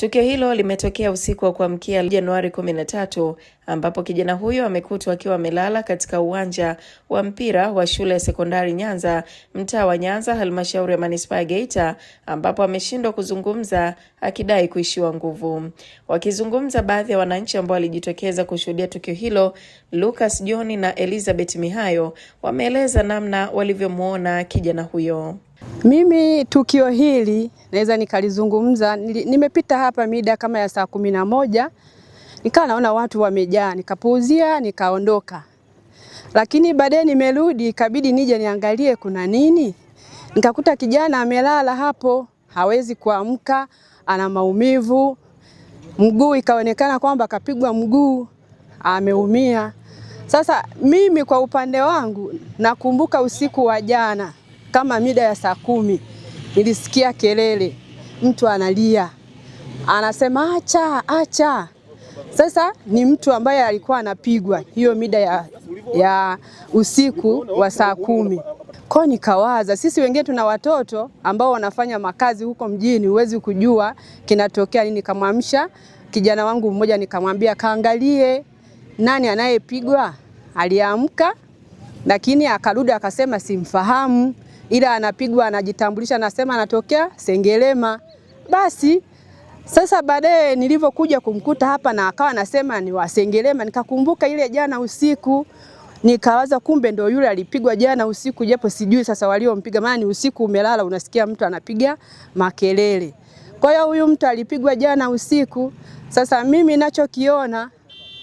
Tukio hilo limetokea usiku wa kuamkia Januari 13 ambapo kijana huyo amekutwa akiwa amelala katika uwanja wa mpira wa shule ya sekondari Nyanza, mtaa wa Nyanza, halmashauri ya manispaa ya Geita, ambapo ameshindwa kuzungumza akidai kuishiwa nguvu. Wakizungumza baadhi ya wananchi ambao walijitokeza kushuhudia tukio hilo, Lucas John na Elizabeth Mihayo wameeleza namna walivyomwona kijana huyo. Mimi tukio hili naweza nikalizungumza, nimepita hapa mida kama ya saa kumi na moja nikawa naona watu wamejaa, nikapuuzia nikaondoka, lakini baadaye nimerudi, ikabidi nije niangalie kuna nini. Nikakuta kijana amelala hapo, hawezi kuamka, ana maumivu mguu, ikaonekana kwamba kapigwa mguu, ameumia. Sasa mimi kwa upande wangu nakumbuka usiku wa jana kama mida ya saa kumi nilisikia kelele, mtu analia, anasema acha acha. Sasa ni mtu ambaye alikuwa anapigwa hiyo mida ya, ya usiku wa saa kumi. kwao. nikawaza sisi wengine tuna watoto ambao wanafanya makazi huko mjini, huwezi kujua kinatokea nini. Nikamwamsha kijana wangu mmoja, nikamwambia kaangalie nani anayepigwa. Aliamka lakini akarudi akasema simfahamu ila anapigwa, anajitambulisha, anasema anatokea Sengerema. Basi sasa baadaye nilivyokuja kumkuta hapa na akawa anasema ni wa Sengerema, nikakumbuka ile jana usiku, nikawaza kumbe ndio yule alipigwa jana usiku, japo sijui sasa waliompiga, maana ni usiku, umelala unasikia mtu anapiga makelele. Kwa hiyo huyu mtu alipigwa jana usiku. Sasa mimi ninachokiona,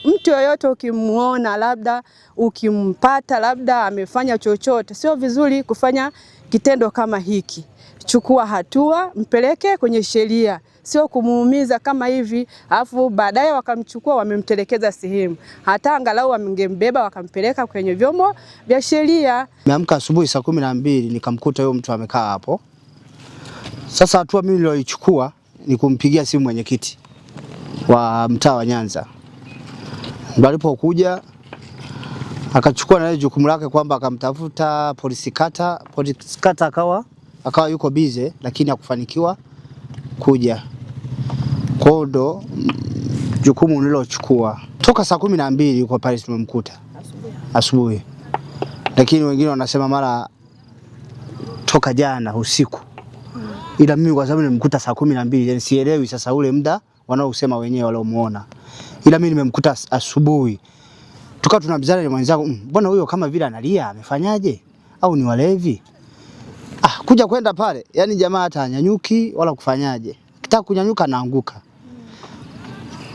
mtu yoyote ukimuona, labda ukimpata, labda amefanya chochote, sio vizuri kufanya kitendo kama hiki. Chukua hatua, mpeleke kwenye sheria, sio kumuumiza kama hivi, afu baadaye wakamchukua wamemtelekeza sehemu. Hata angalau wangembeba wakampeleka kwenye vyombo vya sheria. Nimeamka asubuhi saa kumi na mbili nikamkuta huyo mtu amekaa hapo. Sasa hatua mimi niloichukua ni kumpigia simu mwenyekiti wa mtaa wa Nyanza, alipokuja akachukua naye jukumu lake kwamba akamtafuta polisi kata, polisi kata akawa akawa yuko bize, lakini hakufanikiwa kuja. Kwa hiyo ndo jukumu nilochukua toka saa kumi na mbili yuko pale, tumemkuta asubuhi, lakini wengine wanasema mara toka jana usiku, ila mimi kwa sababu nimemkuta saa kumi na mbili yani sielewi sasa ule muda wanaosema wenyewe waliomuona, ila mimi nimemkuta asubuhi tukawa tunabizana na mwenzangu, mm, mbona huyo kama vile analia, amefanyaje? Au ni walevi? Ah, kuja kwenda pale, yani jamaa hata anyanyuki wala kufanyaje, kitaka kunyanyuka naanguka.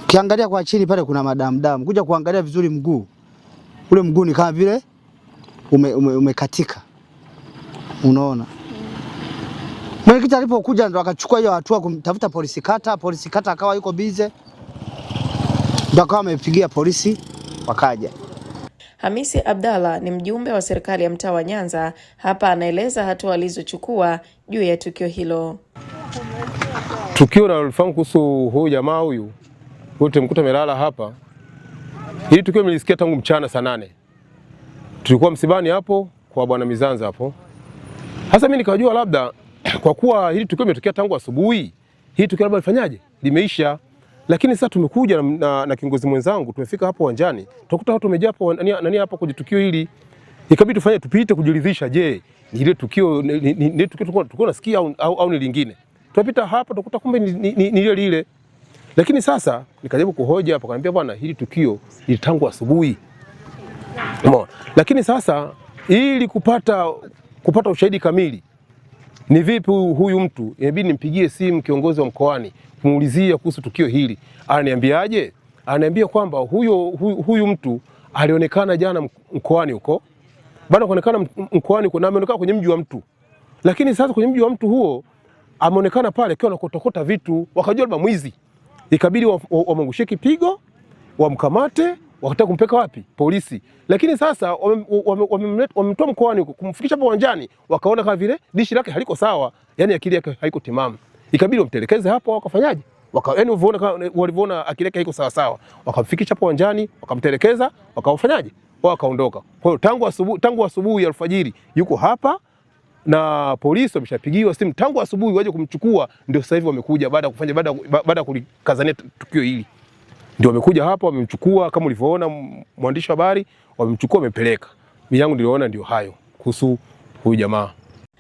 Kiangalia kwa chini pale kuna madamdamu, kuja kuangalia vizuri mguu ule, mguu ni kama vile umekatika, ume, ume unaona Mwenyekiti alipokuja ndo akachukua hiyo hatua kumtafuta polisi kata, polisi kata akawa yuko bize, ndo akawa amepigia polisi wakaja. Hamisi Abdalla ni mjumbe wa serikali ya mtaa wa Nyanza. Hapa anaeleza hatua alizochukua juu ya tukio hilo. Tukio nalolifahamu kuhusu huyu jamaa huyu wote mkuta amelala hapa. Hili tukio nilisikia tangu mchana saa nane, tulikuwa msibani hapo kwa bwana Mizanza hapo. Hasa mimi nikajua labda kwa kuwa hili tukio limetokea tangu asubuhi, hili tukio labda lifanyaje limeisha lakini sasa tumekuja na, na, na kiongozi mwenzangu tumefika hapo uwanjani tukakuta watu wamejaa hapo nani, nani hapa kwenye tukio hili, ikabidi tufanye tupite kujiridhisha, je ni ile tukio ni ile tukio tulikuwa tunasikia au, au, au ni lingine. Tunapita hapa tukakuta kumbe ni, ni, ni, ni ile lile Lakini sasa nikajaribu kuhoja hapo kaniambia bwana, hili tukio ni tangu asubuhi lakini sasa ili kupata kupata ushahidi kamili ni vipi huyu mtu, inabidi nimpigie simu kiongozi wa mkoani kumuulizia kuhusu tukio hili. Ananiambiaje? Ananiambia kwamba huyo, huyu, huyu mtu alionekana jana mkoani huko, baada kuonekana mkoani huko na ameonekana kwenye mji wa mtu, lakini sasa kwenye mji wa mtu huo ameonekana pale akiwa anakotokota vitu, wakajua labda mwizi, ikabidi wamwangushie wa, wa kipigo wamkamate wakataka kumpeka wapi? Polisi. Lakini sasa wamemtoa mkoani kumfikisha hapo uwanjani, wakaona kama vile dishi lake haliko sawa, yani akili yake haiko timamu, ikabidi wamtelekeze hapo. Wakafanyaje? waka yani unaona akili yake haiko sawa sawa, wakamfikisha hapo uwanjani, wakamtelekeza, wakafanyaje? Wakaondoka. Kwa hiyo tangu asubuhi, tangu asubuhi ya alfajiri yuko hapa na polisi wameshapigiwa simu tangu asubuhi waje kumchukua, ndio sasa hivi wamekuja baada ya kufanya baada ya kulikazania tukio hili ndio wamekuja hapa wamemchukua, kama ulivyoona mwandishi wa habari, wamemchukua wamepeleka. Mimi yangu niliona ndio hayo kuhusu huyu jamaa.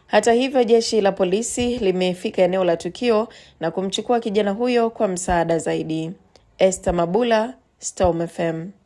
Hata hivyo, jeshi la polisi limefika eneo la tukio na kumchukua kijana huyo kwa msaada zaidi. Esther Mabula, Storm FM.